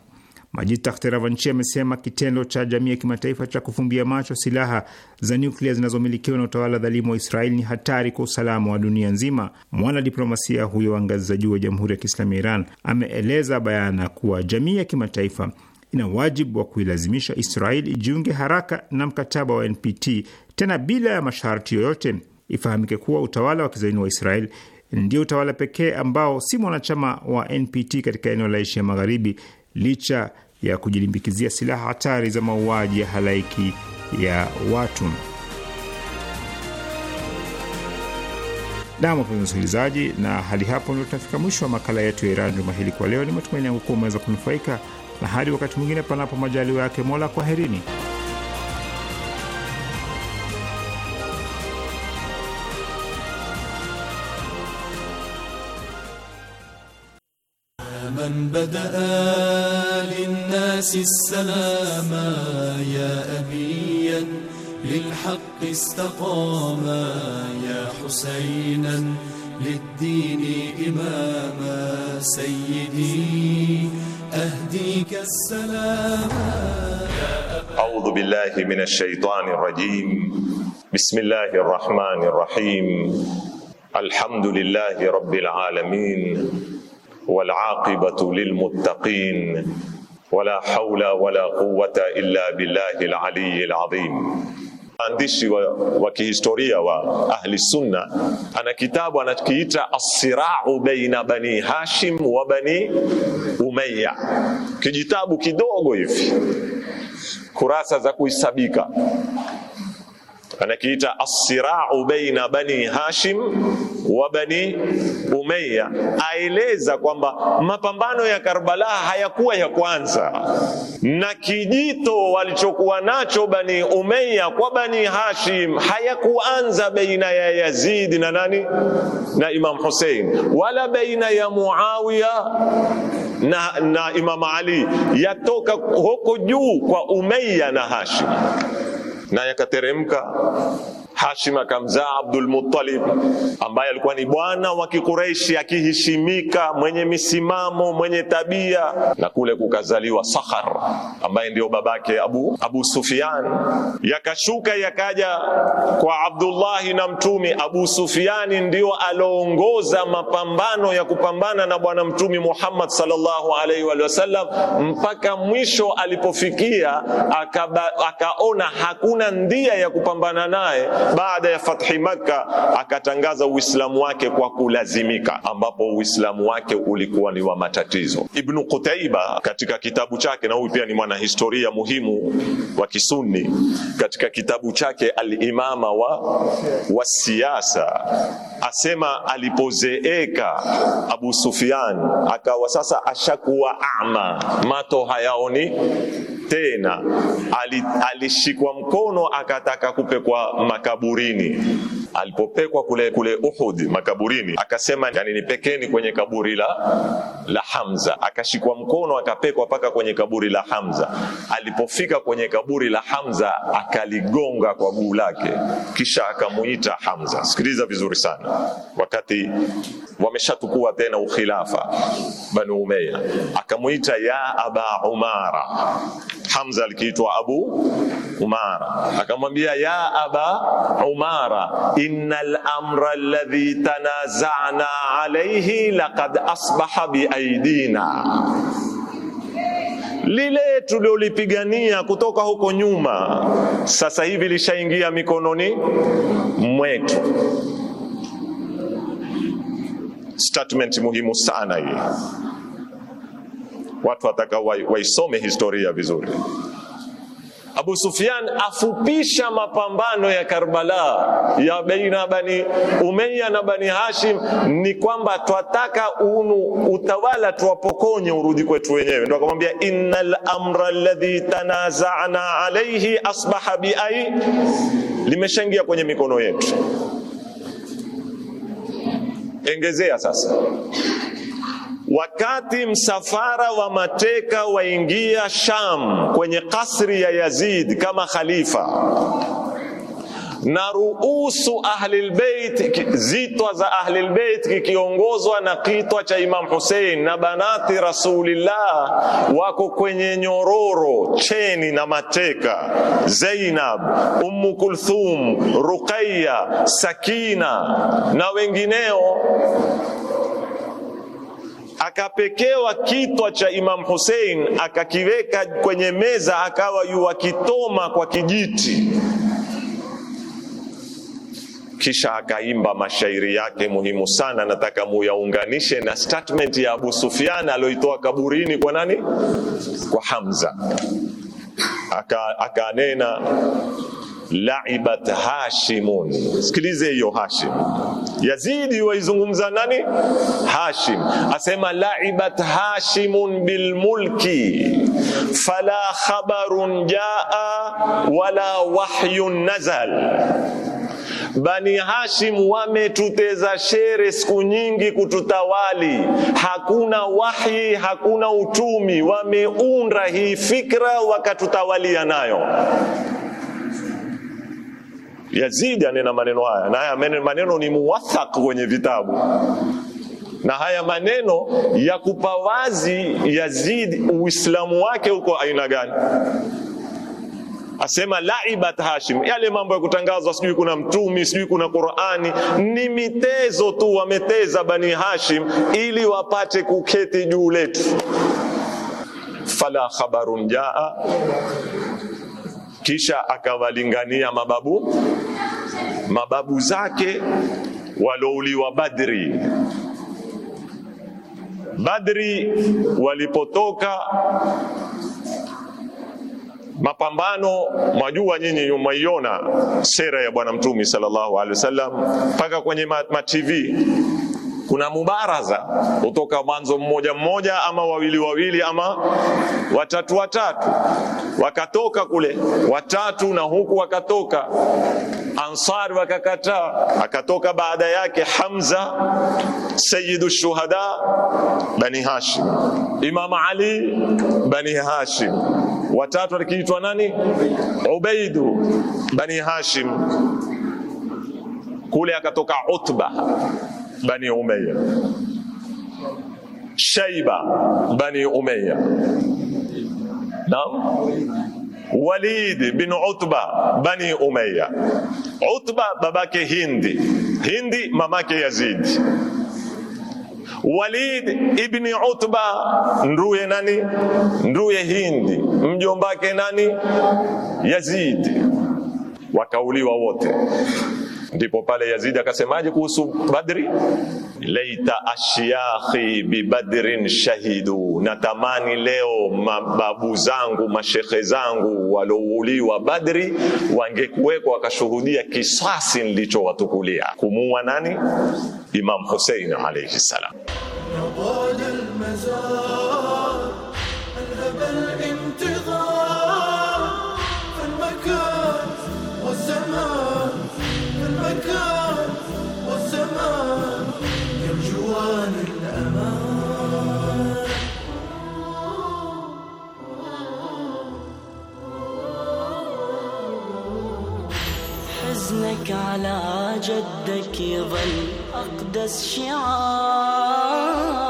Majid Takht amesema kitendo cha jamii ya kimataifa cha kufumbia macho silaha za nyuklia zinazomilikiwa na utawala dhalimu wa Israeli ni hatari kwa usalama wa dunia nzima. Mwanadiplomasia huyo wa ngazi za juu wa Jamhuri ya Kiislamu ya Iran ameeleza bayana kuwa jamii ya kimataifa ina wajibu wa kuilazimisha Israeli ijiunge haraka na mkataba wa NPT, tena bila ya masharti yoyote. Ifahamike kuwa utawala wa kizaini wa Israeli ndio utawala pekee ambao si mwanachama wa NPT katika eneo la Asia Magharibi licha ya kujilimbikizia silaha hatari za mauaji ya halaiki ya watu. Nam wapenzi wasikilizaji, na hadi hapo ndio tunafika mwisho wa makala yetu ya Iran juma hili kwa leo. Ni matumaini yangu kuwa umeweza kunufaika, na hadi wakati mwingine, panapo majaliwa yake Mola, kwaherini. من بدأ للناس السلاما يا أبيا للحق استقاما يا حسينا للدين إماما سيدي أهديك السلام أعوذ بالله من الشيطان الرجيم بسم الله الرحمن الرحيم الحمد لله رب العالمين والعاقبة للمتقين wala haula wala quwwata illa billahi al-ali al-azim. Mwandishi wa, wa kihistoria wa Ahli Sunna ana kitabu anakiita Assirau baina Bani Hashim wa Bani Umayya, kijitabu kidogo hivi kurasa za kuhesabika anakiita assirau baina bani Hashim wa bani Umayya. Aeleza kwamba mapambano ya Karbala hayakuwa ya kwanza, na kijito walichokuwa nacho bani Umayya kwa bani Hashim hayakuanza baina ya Yazid na nani na Imam Hussein, wala baina ya Muawiya na, na Imam Ali, yatoka huko juu kwa Umayya na Hashim na yakateremka Hashim akamzaa Abdul Muttalib ambaye alikuwa ni bwana wa Kikureishi akiheshimika, mwenye misimamo, mwenye tabia, na kule kukazaliwa Sakhar ambaye ndio babake Abu, Abu Sufyan. Yakashuka yakaja kwa Abdullahi na Mtumi. Abu Sufyani ndio aloongoza mapambano ya kupambana na bwana Mtumi Muhammad sallallahu alaihi wa sallam mpaka mwisho alipofikia akaona hakuna ndia ya kupambana naye baada ya fathi Makka akatangaza Uislamu wake kwa kulazimika, ambapo Uislamu wake ulikuwa ni wa matatizo. Ibnu Qutaiba katika kitabu chake, na huyu pia ni mwanahistoria muhimu wa Kisunni, katika kitabu chake Alimama wa, wa siasa asema alipozeeka Abu Sufyan akawa sasa ashakuwa ama, mato hayaoni tena, alishikwa mkono akataka kupekwa makabu makaburini alipopekwa kule kule Uhud makaburini, akasema yani nipekeni kwenye kaburi la, la Hamza. Akashikwa mkono akapekwa mpaka kwenye kaburi la Hamza. Alipofika kwenye kaburi la Hamza akaligonga kwa guu lake, kisha akamuita Hamza. Sikiliza vizuri sana, wakati wameshatukua tena ukhilafa Banu Umayya, akamwita ya aba Umara. Hamza alikiitwa Abu Umara, akamwambia ya aba Umara, innal amra alladhi tanaza'na alayhi laqad asbaha biaidina lile tuliolipigania kutoka huko nyuma sasa hivi lishaingia mikononi mwetu statement muhimu sana hii, watu wataka waisome historia vizuri. Abu Sufyan afupisha mapambano ya Karbala ya baina Bani Umayya na Bani Hashim, ni kwamba twataka unu utawala tuwapokonye urudi kwetu wenyewe. Ndio akamwambia innal amra alladhi tanaza'na alayhi asbaha bi ay, limeshaingia kwenye mikono yetu. Engezea sasa, wakati msafara wa mateka waingia Sham kwenye kasri ya Yazid kama khalifa na ruusu ahlilbeit zitwa za ahlilbeit kikiongozwa na kitwa cha Imam Hussein na banati Rasulillah wako kwenye nyororo cheni na mateka Zainab, Ummu Kulthum, Ruqayya, Sakina na wengineo akapekewa kitwa cha Imam Hussein akakiweka kwenye meza, akawa yuwakitoma kwa kijiti kisha akaimba mashairi yake muhimu sana, nataka muyaunganishe na statement ya Abu Sufyan aliyoitoa kaburini kwa nani? Kwa Hamza. Akanena aka laibat Hashimun. Sikilize hiyo Hashim. Yazidi waizungumza nani? Hashim asema laibat Hashimun bilmulki fala khabarun jaa wala wahyun nazal Bani Hashim wametuteza shere siku nyingi kututawali, hakuna wahi, hakuna utumi, wameunda hii fikra wakatutawalia nayo. yazid anena maneno haya, na haya maneno ni muwathaq kwenye vitabu na haya maneno ya kupa wazi Yazid Uislamu wake uko aina gani? asema laibat Hashim. Yale mambo ya kutangazwa, sijui kuna mtumi, sijui kuna Qurani, ni mitezo tu wameteza Bani Hashim ili wapate kuketi juu letu. Fala khabarun jaa, kisha akawalingania mababu mababu zake walouliwa Badri. Badri walipotoka mapambano, mwajua nyinyi, umaiona sera ya Bwana Mtume sallallahu alaihi wasallam mpaka kwenye matv kuna mubaraza kutoka mwanzo mmoja mmoja ama wawili wawili ama watatu watatu, wakatoka kule watatu na huku wakatoka ansar wakakataa, akatoka baada yake Hamza sayyidu shuhada Bani Hashim, Imam Ali Bani Hashim watatu alikiitwa nani? Ubaidu Bani Hashim, kule akatoka Utba Bani Umayya, Shaiba Bani Umayya, naam Walid bin Utba Bani Umayya. Utba babake Hindi, Hindi mamake Yazid Walid ibni Utba nduye nani, nduye Hindi, mjombake nani Yazid, wakauliwa wote. Ndipo pale Yazidi akasemaje kuhusu Badri, laita ashyakhi bibadrin shahidu, natamani leo mababu zangu mashekhe zangu walouliwa Badri wangekuwekwa wakashuhudia kisasi nilichowatukulia kumuua nani, Imam Husein alaihi salam حزنك على جدك يظل أقدس شعار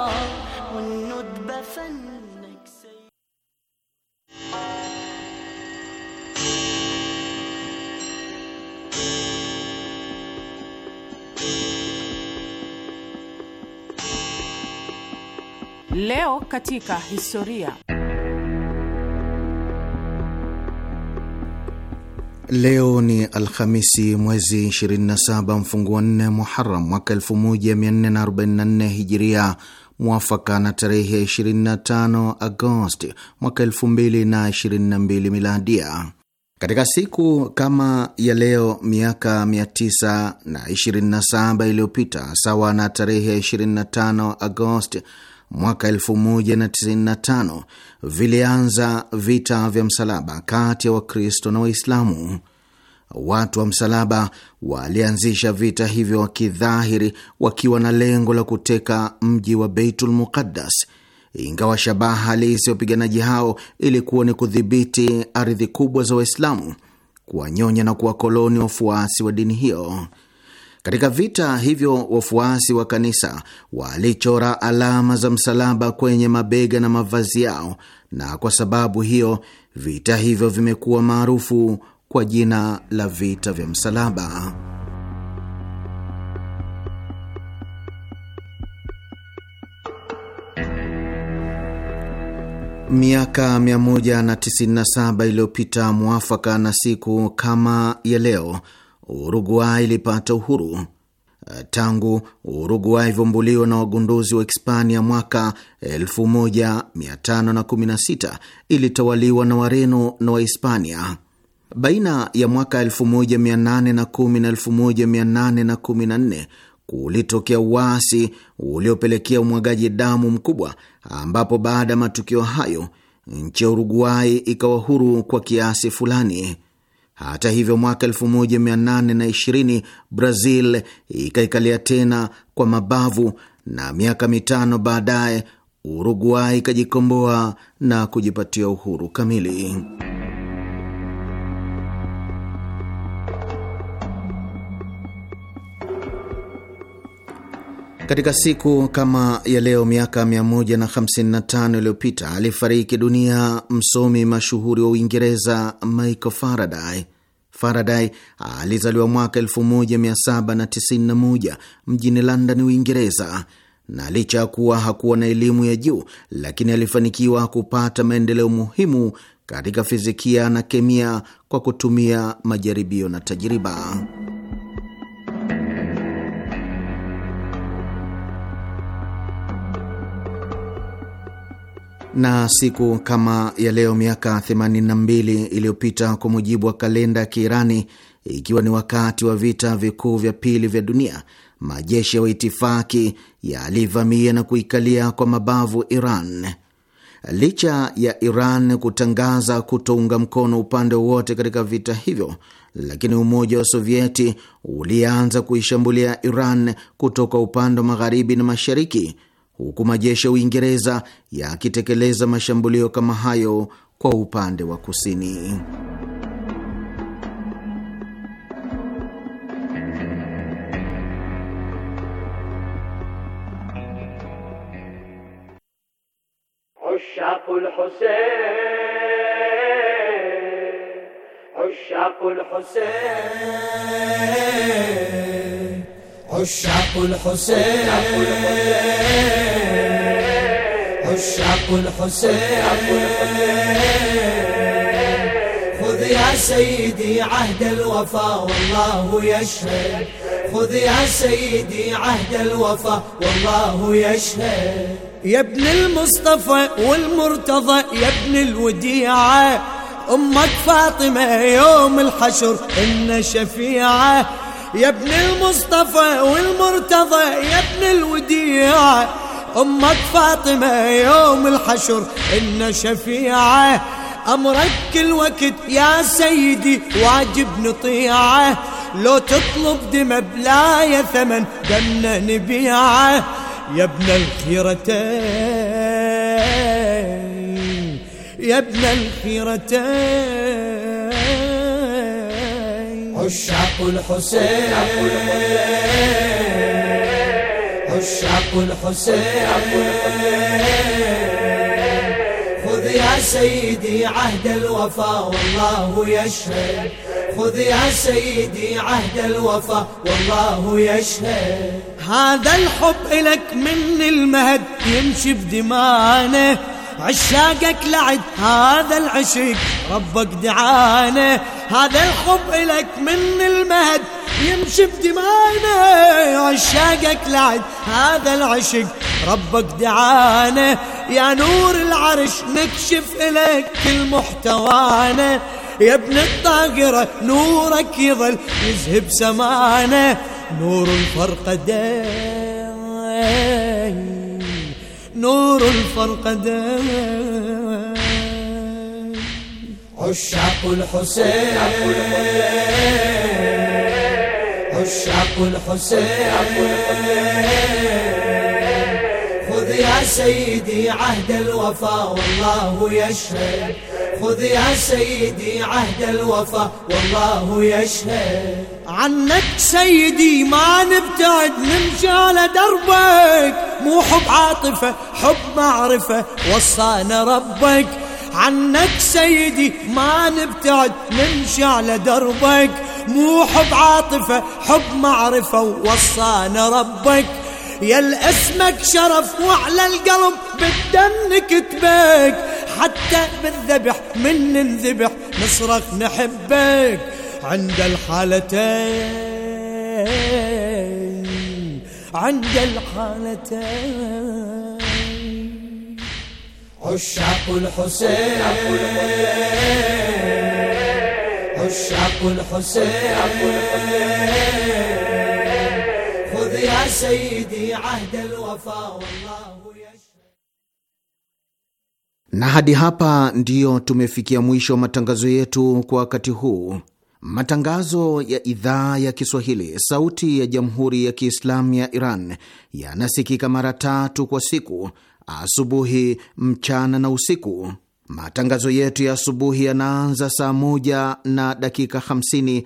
Leo katika historia. Leo ni Alhamisi, mwezi 27 mfunguo 4 Muharam mwaka 1444 Hijiria, mwafaka na tarehe 25 Agosti mwaka 2022 Miladia. Katika siku kama ya leo miaka 927 iliyopita, sawa na tarehe 25 Agosti mwaka 1095 vilianza vita vya msalaba kati ya Wakristo na Waislamu. Watu wa msalaba walianzisha vita hivyo wakidhahiri wakiwa na lengo la kuteka mji wa Beitul Muqaddas, ingawa shabaha halisi ya wapiganaji hao ilikuwa ni kudhibiti ardhi kubwa za Waislamu, kuwanyonya na kuwakoloni wafuasi wa dini hiyo. Katika vita hivyo, wafuasi wa kanisa walichora alama za msalaba kwenye mabega na mavazi yao, na kwa sababu hiyo vita hivyo vimekuwa maarufu kwa jina la vita vya msalaba. Miaka 197 iliyopita, mwafaka na siku kama ya leo Uruguay ilipata uhuru. Tangu Uruguay ivumbuliwa na wagunduzi wa Hispania mwaka 1516 ilitawaliwa na Wareno na Wahispania. Baina ya mwaka 1810 na 1814 kulitokea uasi uliopelekea umwagaji damu mkubwa, ambapo baada ya matukio hayo nchi ya Uruguay ikawa huru kwa kiasi fulani. Hata hivyo, mwaka 1820 Brazil ikaikalia tena kwa mabavu na miaka mitano baadaye Uruguay ikajikomboa na kujipatia uhuru kamili. Katika siku kama ya leo miaka 155 iliyopita alifariki dunia msomi mashuhuri wa Uingereza Michael Faraday. Faraday alizaliwa mwaka 1791 mjini London, Uingereza, na licha ya kuwa hakuwa na elimu ya juu, lakini alifanikiwa kupata maendeleo muhimu katika fizikia na kemia kwa kutumia majaribio na tajiriba. na siku kama ya leo miaka 82 iliyopita kwa mujibu wa kalenda ya Kiirani, ikiwa ni wakati wa vita vikuu vya pili vya dunia, majeshi ya waitifaki yalivamia na kuikalia kwa mabavu Iran. Licha ya Iran kutangaza kutounga mkono upande wowote katika vita hivyo, lakini Umoja wa Sovieti ulianza kuishambulia Iran kutoka upande wa magharibi na mashariki huku majeshi ya Uingereza yakitekeleza mashambulio kama hayo kwa upande wa kusini. Hussein عشاق الحسين عشاق الحسين خذ يا سيدي عهد الوفا والله يشهد خذ يا سيدي عهد الوفا والله يشهد يا ابن المصطفى والمرتضى يا ابن الوديعه امك فاطمه يوم الحشر ان شفيعه يا ابن المصطفى والمرتضى يا ابن الوديعة أمك فاطمة يوم الحشر إن شفيعة أمرك كل وقت يا سيدي واجب نطيعه لو تطلب دم بلا ثمن دمنا نبيعه يا ابن الخيرتين يا ابن الخيرتين عشاق الحسين عشاق الحسين خذ يا سيدي عهد الوفا والله يشهد خذ يا سيدي عهد الوفا والله يشهد هذا الحب لك من المهد يمشي بدمانه عشاقك لعد هذا العشق ربك دعانا هذا الحب إلك من المهد يمشي بدمانا عشاقك لعد هذا العشق ربك دعانا يا نور العرش نكشف لك كل محتوانا يا ابن الطاقرة نورك يظل يذهب سمانا نور الفرقدين نور الفرقدين عشاق الحسين عشاق الحسين يا سيدي عهد الوفا والله يشهد خذ يا سيدي عهد الوفا والله يشهد عنك سيدي ما نبتعد من جال دربك مو حب عاطفة حب معرفة وصانا ربك عنك سيدي ما نبتعد من على دربك مو حب عاطفة حب معرفة وصانا ربك يا الاسمك شرف وعلى القلب بالدم نكتبك حتى بالذبح من نذبح نصرخ نحبك عند الحالتين عند الحالتين عشاق الحسين عشاق الحسين يا سيدي عهد الوفا والله na hadi hapa ndiyo tumefikia mwisho wa matangazo yetu kwa wakati huu. Matangazo ya idhaa ya Kiswahili sauti ya jamhuri ya Kiislamu ya Iran yanasikika mara tatu kwa siku: asubuhi, mchana na usiku. Matangazo yetu ya asubuhi yanaanza saa moja na dakika hamsini